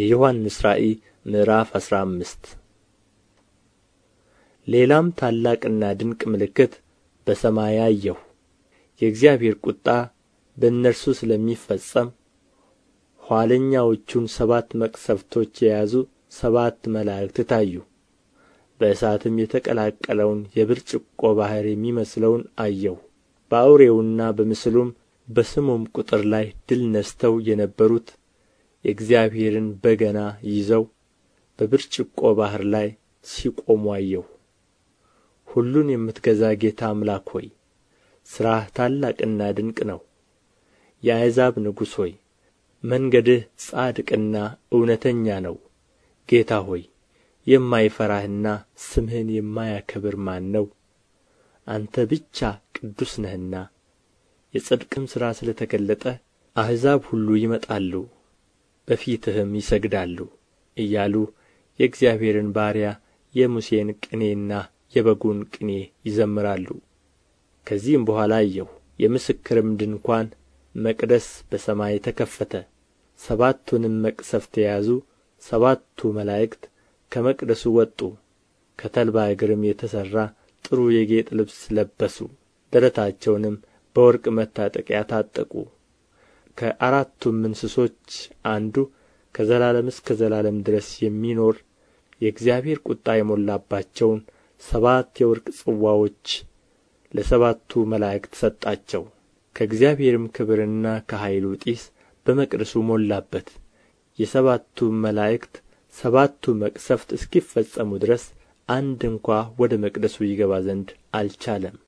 የዮሐንስ ራእይ ምዕራፍ አስራ አምስት ሌላም ታላቅና ድንቅ ምልክት በሰማይ አየሁ የእግዚአብሔር ቁጣ በእነርሱ ስለሚፈጸም ኋለኛዎቹን ሰባት መቅሰፍቶች የያዙ ሰባት መላእክት ታዩ በእሳትም የተቀላቀለውን የብርጭቆ ባሕር የሚመስለውን አየሁ በአውሬውና በምስሉም በስሙም ቁጥር ላይ ድል ነስተው የነበሩት የእግዚአብሔርን በገና ይዘው በብርጭቆ ባሕር ላይ ሲቆሙ አየሁ ሁሉን የምትገዛ ጌታ አምላክ ሆይ ሥራህ ታላቅና ድንቅ ነው የአሕዛብ ንጉሥ ሆይ መንገድህ ጻድቅና እውነተኛ ነው ጌታ ሆይ የማይፈራህና ስምህን የማያከብር ማን ነው አንተ ብቻ ቅዱስ ነህና የጽድቅም ሥራ ስለ ተገለጠ አሕዛብ ሁሉ ይመጣሉ በፊትህም ይሰግዳሉ እያሉ የእግዚአብሔርን ባሪያ የሙሴን ቅኔና የበጉን ቅኔ ይዘምራሉ ከዚህም በኋላ አየሁ የምስክርም ድንኳን መቅደስ በሰማይ ተከፈተ ሰባቱንም መቅሰፍት የያዙ ሰባቱ መላእክት ከመቅደሱ ወጡ ከተልባ እግርም የተሠራ ጥሩ የጌጥ ልብስ ለበሱ ደረታቸውንም በወርቅ መታጠቂያ ታጠቁ ከአራቱም እንስሶች አንዱ ከዘላለም እስከ ዘላለም ድረስ የሚኖር የእግዚአብሔር ቁጣ የሞላባቸውን ሰባት የወርቅ ጽዋዎች ለሰባቱ መላእክት ሰጣቸው ከእግዚአብሔርም ክብርና ከኃይሉ ጢስ በመቅደሱ ሞላበት የሰባቱ መላእክት ሰባቱ መቅሰፍት እስኪፈጸሙ ድረስ አንድ እንኳ ወደ መቅደሱ ይገባ ዘንድ አልቻለም